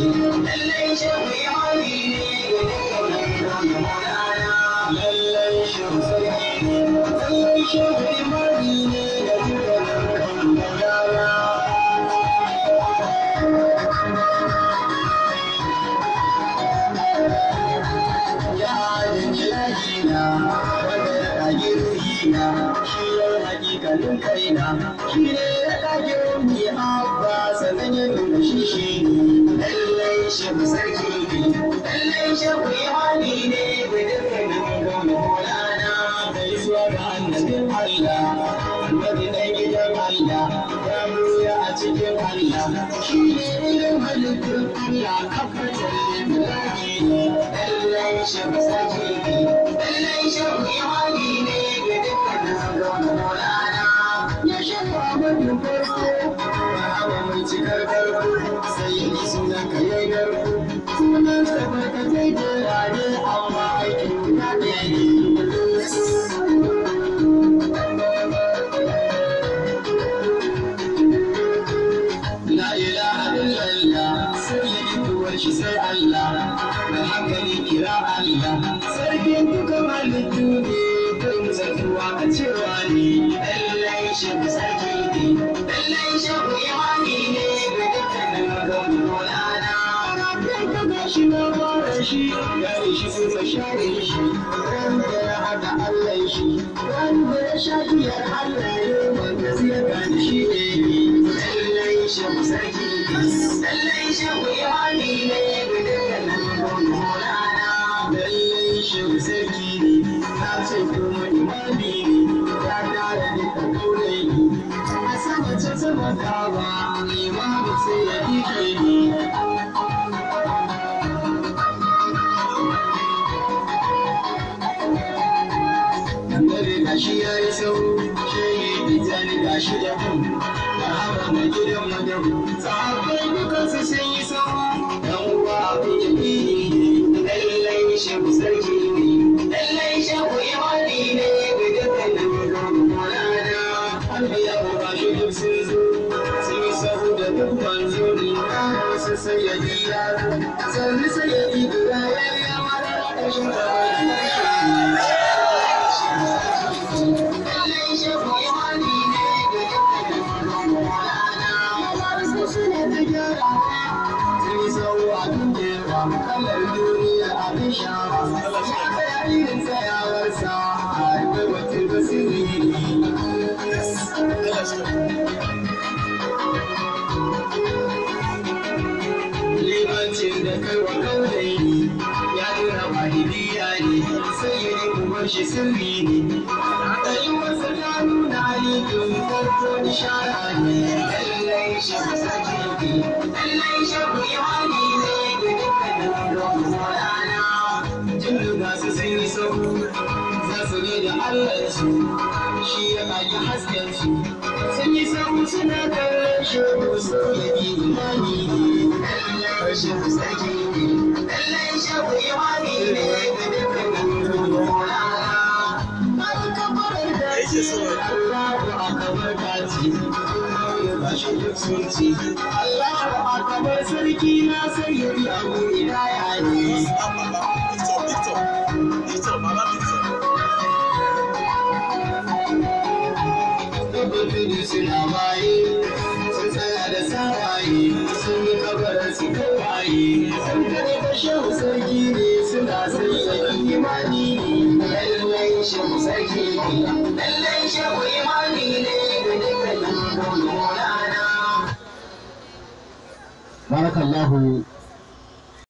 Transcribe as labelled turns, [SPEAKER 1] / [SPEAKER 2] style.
[SPEAKER 1] you, Malaysia, na shi ya hakikalin kaina shi ne ya kage mai abba sannan ya nuna shi shi ne lallai shi mu sarki ne lallai shi mu yi hali ne ga dukkanin gama da gaisuwa ga annabin Allah annabi dan gidan Allah ya buya a cikin Allah shi ne ilin halittun Allah kafatan lillahi ne lallai shi mu sarki ne lallai shi mu yi hali ne babin farko ba mai cikar farko sai yi sunan ka yai garko sunan ka barka zai jera ne amma aikin guda shi sai Allah da hankali kira Allah sarkin duka malittu ne kai musatuwa a cewa ne lallai shi lallai shagu ne ga dukkanin gauna na kai ka gashi na shi shi share shi da ya Allah shi ran da sha Allah wanda zai shi ne lallai shagu sarki lallai shagu ne ga dukkanin gauna na sarki ne shi da mu marhaban da gidan madabu sahabbai dukansu sun yi sahu dan uwa abin yaki ne lallai shehu sarki ne lallai shehu imani ne ga dukkanin mulada anbiya ko rashidun sun zo sun yi da duk manzo ne su sayyadi yaro sannu sayyadi da rayayya mara ƙarshen kalar duniya abin shawa ya tsaya irin tsayawarsa da wata basirin limancin da kai wa kaulayi ya nuna wahidiya ne sai yi uban shi sirri ne rayuwarsa ta nuna ni don farko ishara ne lallai shafi sarki lallai shafi su shi ya baki hasken su sun yi sauri suna kallon shi musu da imani harshen sarki ne lallai shagu imani ne ga dukkanin ruwa masu akabar duk sarki na sayyidi abu ina ya ne waye sun yi su kai waye sarki ne suna sanya imani ne lallai shehu sarki ne lallai shehu imani ne ga dukkanin mulmulana barakallahu